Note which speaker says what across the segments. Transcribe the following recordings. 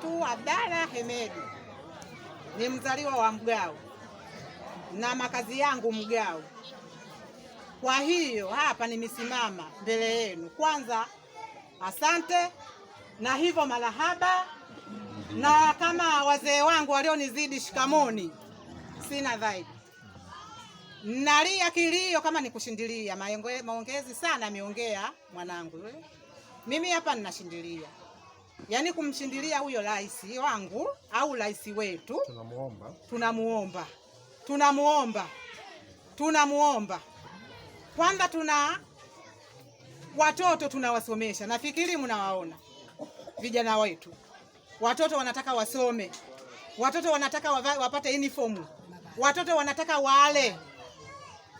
Speaker 1: tu Abdalla Hemedi ni mzaliwa wa Mgao na makazi yangu Mgao. Kwa hiyo hapa nimesimama mbele yenu, kwanza asante na hivyo marahaba, na kama wazee wangu walionizidi shikamoni, sina dhaidi. Nalia kilio kama nikushindilia maongezi sana, ameongea mwanangu Mimi hapa ninashindilia yaani kumshindilia huyo rais wangu au rais wetu.
Speaker 2: Tunamuomba,
Speaker 1: tunamuomba, tunamuomba, tunamuomba kwanza, tuna watoto tunawasomesha, nafikiri mnawaona vijana wetu, watoto wanataka wasome, watoto wanataka wapate uniform, watoto wanataka wale,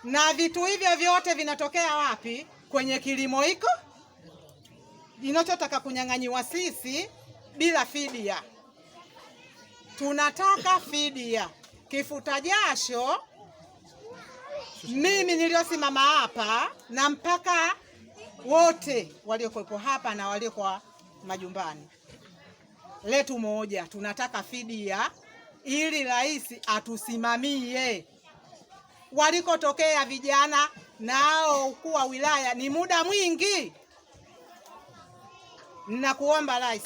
Speaker 1: na vitu hivyo vyote vinatokea wapi? Kwenye kilimo hiko inachotaka kunyang'anyiwa sisi bila fidia. Tunataka fidia, kifuta jasho. Mimi niliyosimama hapa na mpaka wote waliokuwepo hapa na waliokuwa majumbani letu moja, tunataka fidia ili rais atusimamie. Walikotokea vijana nao ukuu wa wilaya ni muda mwingi Ninakuomba rais,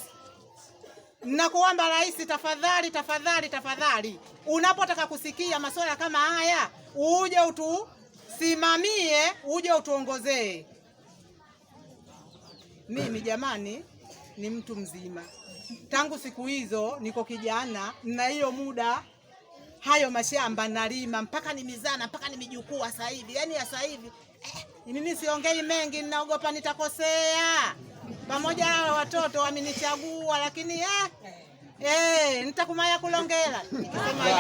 Speaker 1: ninakuomba rais, tafadhali tafadhali tafadhali, unapotaka kusikia masuala kama haya uje utusimamie, uje utuongozee. Mimi jamani, ni mtu mzima, tangu siku hizo niko kijana, na hiyo muda hayo mashamba nalima mpaka nimizana mpaka nimejukua sasa hivi, yaani sasa hivi eh, nini, siongei mengi, ninaogopa nitakosea pamoja hawa watoto wamenichagua, lakini eh, eh, nitakumaya kulongela nikisema